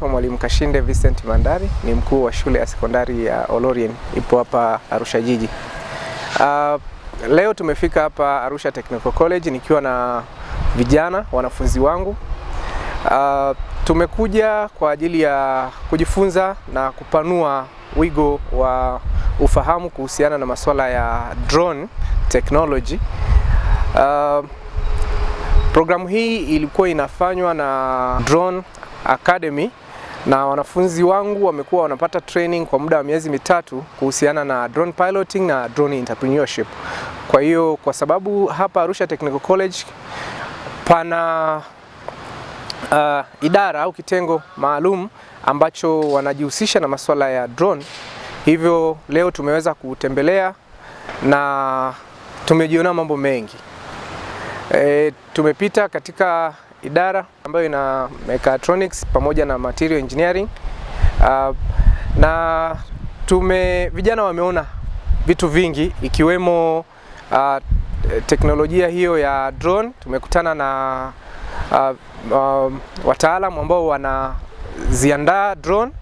Mwalimu Kashinde Vincent Mandari ni mkuu wa shule ya sekondari ya Olorien ipo hapa Arusha jiji. Uh, leo tumefika hapa Arusha Technical College nikiwa na vijana wanafunzi wangu. Uh, tumekuja kwa ajili ya kujifunza na kupanua wigo wa ufahamu kuhusiana na masuala ya drone technology. Uh, programu hii ilikuwa inafanywa na Drone Academy na wanafunzi wangu wamekuwa wanapata training kwa muda wa miezi mitatu kuhusiana na drone piloting na drone entrepreneurship. Kwa hiyo kwa sababu hapa Arusha Technical College pana uh, idara au kitengo maalum ambacho wanajihusisha na masuala ya drone, hivyo leo tumeweza kutembelea na tumejiona mambo mengi. E, tumepita katika idara ambayo ina mechatronics pamoja na material engineering uh, na tume vijana wameona vitu vingi ikiwemo uh, teknolojia hiyo ya drone. Tumekutana na uh, uh, wataalamu ambao wanaziandaa drone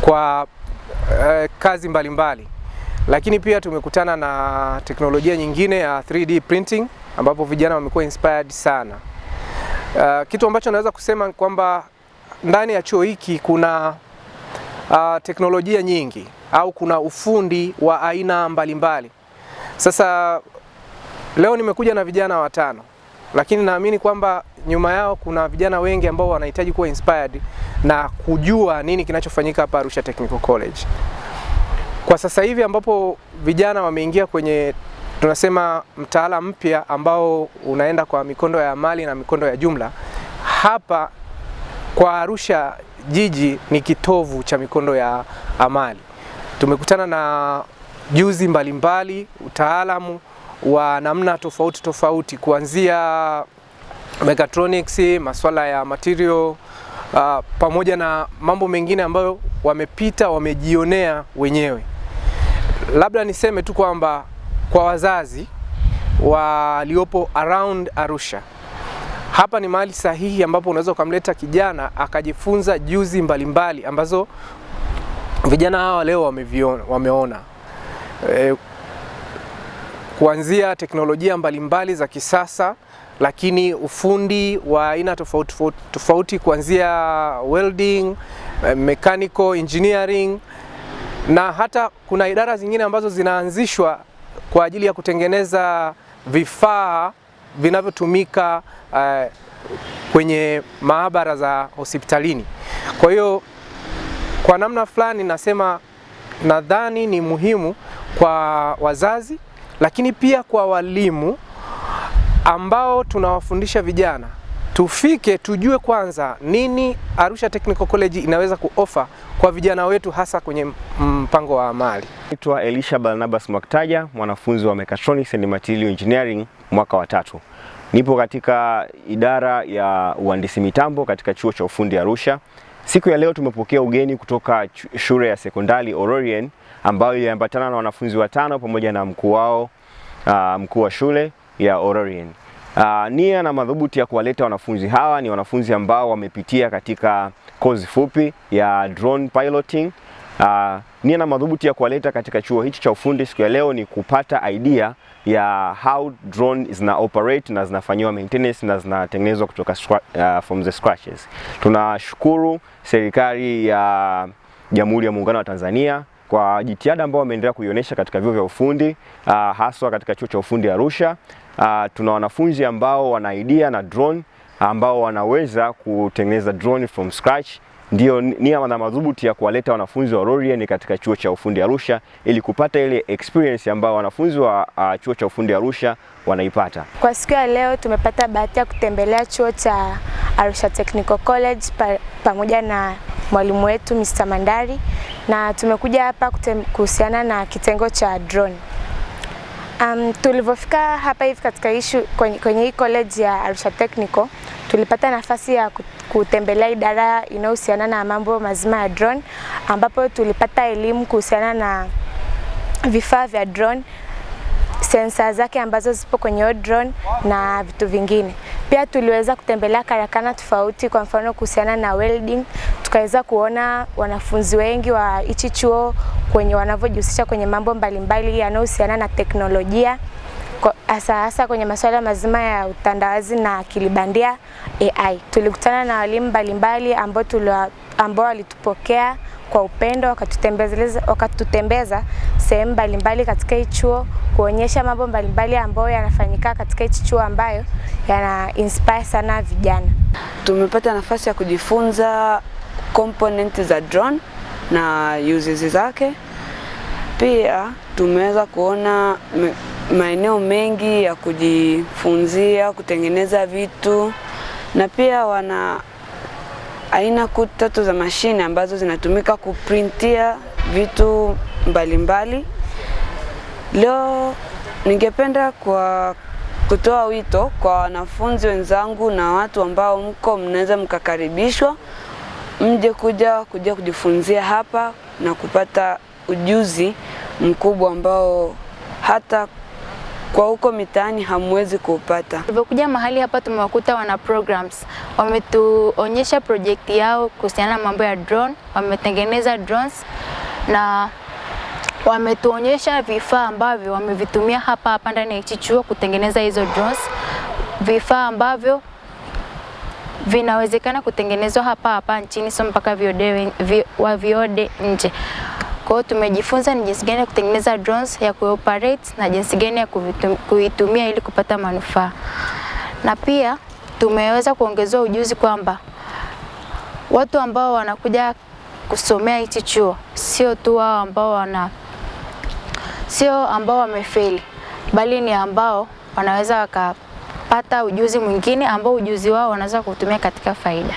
kwa uh, kazi mbalimbali mbali. Lakini pia tumekutana na teknolojia nyingine ya 3D printing ambapo vijana wamekuwa inspired sana. Uh, kitu ambacho naweza kusema kwamba ndani ya chuo hiki kuna uh, teknolojia nyingi au kuna ufundi wa aina mbalimbali mbali. Sasa leo nimekuja na vijana watano, lakini naamini kwamba nyuma yao kuna vijana wengi ambao wanahitaji kuwa inspired na kujua nini kinachofanyika hapa Arusha Technical College kwa sasa hivi ambapo vijana wameingia kwenye tunasema mtaala mpya ambao unaenda kwa mikondo ya amali na mikondo ya jumla. Hapa kwa Arusha jiji ni kitovu cha mikondo ya amali. Tumekutana na juzi mbalimbali, utaalamu wa namna tofauti tofauti, kuanzia mechatronics, masuala ya material uh, pamoja na mambo mengine ambayo wamepita, wamejionea wenyewe. Labda niseme tu kwamba kwa wazazi waliopo around Arusha. Hapa ni mahali sahihi ambapo unaweza ukamleta kijana akajifunza juzi mbalimbali mbali, ambazo vijana hawa leo wameona e, kuanzia teknolojia mbalimbali mbali za kisasa lakini ufundi wa aina tofauti tofauti kuanzia welding, e, mechanical engineering na hata kuna idara zingine ambazo zinaanzishwa kwa ajili ya kutengeneza vifaa vinavyotumika uh, kwenye maabara za hospitalini. Kwa hiyo kwa namna fulani nasema nadhani ni muhimu kwa wazazi, lakini pia kwa walimu ambao tunawafundisha vijana tufike tujue kwanza nini Arusha Technical College inaweza kuofa kwa vijana wetu hasa kwenye mpango wa amali. Naitwa Elisha Barnabas Mwaktaja, mwanafunzi wa Mechatronics and Material Engineering mwaka wa tatu. Nipo katika idara ya uhandisi mitambo katika chuo cha ufundi Arusha. Siku ya leo tumepokea ugeni kutoka shule ya sekondari Ororien ambayo iliambatana na wanafunzi watano pamoja na mkuu wao, uh, mkuu wa shule ya Ororien. Uh, nia na madhubuti ya kuwaleta wanafunzi hawa ni wanafunzi ambao wamepitia katika kozi fupi ya drone piloting. Uh, nia na madhubuti ya kuwaleta katika chuo hichi cha ufundi siku ya leo ni kupata idea ya how drone zina operate na zinafanyiwa maintenance na zinatengenezwa kutoka uh, from the scratches. Tunashukuru serikali ya Jamhuri ya Muungano wa Tanzania kwa jitihada ambao wameendelea kuionyesha katika vyuo vya ufundi uh, haswa katika chuo cha ufundi Arusha uh, tuna wanafunzi ambao wana idea na drone ambao wanaweza kutengeneza drone from scratch. Ndio nia na madhubuti ya kuwaleta wanafunzi wa Royal katika chuo cha ufundi Arusha ili kupata ile experience ambayo wanafunzi wa uh, chuo cha ufundi Arusha wanaipata. Kwa siku ya leo tumepata bahati ya kutembelea chuo cha Arusha Technical College pa, pamoja na mwalimu wetu Mr. Mandari na tumekuja hapa kuhusiana na kitengo cha drone. Um, tulivyofika hapa hivi katika ishu kwenye, kwenye hii college ya Arusha Technical tulipata nafasi ya kutembelea idara inayohusiana na mambo mazima ya drone, ambapo tulipata elimu kuhusiana na vifaa vya drone, sensa zake ambazo zipo kwenye drone na vitu vingine. Pia tuliweza kutembelea karakana tofauti, kwa mfano kuhusiana na welding, tukaweza kuona wanafunzi wengi wa hichi chuo kwenye wanavyojihusisha kwenye mambo mbalimbali yanayohusiana na teknolojia hasa hasa kwenye masuala mazima ya utandawazi na akili bandia AI. Tulikutana na walimu mbalimbali ambao ambao walitupokea kwa upendo wakatutembeza, wakatutembeza sehemu mbalimbali katika hii chuo kuonyesha mambo mbalimbali ambayo yanafanyika katika hii chuo ambayo yana inspire sana vijana. Tumepata nafasi ya kujifunza component za drone na uses zake. Pia tumeweza kuona maeneo mengi ya kujifunzia kutengeneza vitu na pia wana aina kuu tatu za mashine ambazo zinatumika kuprintia vitu mbalimbali mbali. Leo ningependa kwa kutoa wito kwa wanafunzi wenzangu na watu ambao mko mnaweza mkakaribishwa mje kuja kuja kujifunzia hapa na kupata ujuzi mkubwa ambao hata kwa huko mitaani hamwezi kuupata. Tulipokuja mahali hapa tumewakuta wana programs. Wametuonyesha projekti yao kuhusiana na mambo ya drone, wametengeneza drones na Wametuonyesha vifaa ambavyo wamevitumia hapa hapa ndani ya hichi chuo kutengeneza hizo drones, vifaa ambavyo vinawezekana kutengenezwa hapa hapa nchini, sio mpaka viode, wa viode nje. Kwa hiyo tumejifunza ni jinsi gani ya kutengeneza drones, ya kuoperate na jinsi gani ya kuitumia ili kupata manufaa, na pia tumeweza kuongezewa ujuzi kwamba watu ambao wanakuja kusomea hichi chuo sio tu wao ambao wana sio ambao wamefeli, bali ni ambao wanaweza wakapata ujuzi mwingine ambao ujuzi wao wanaweza kutumia katika faida.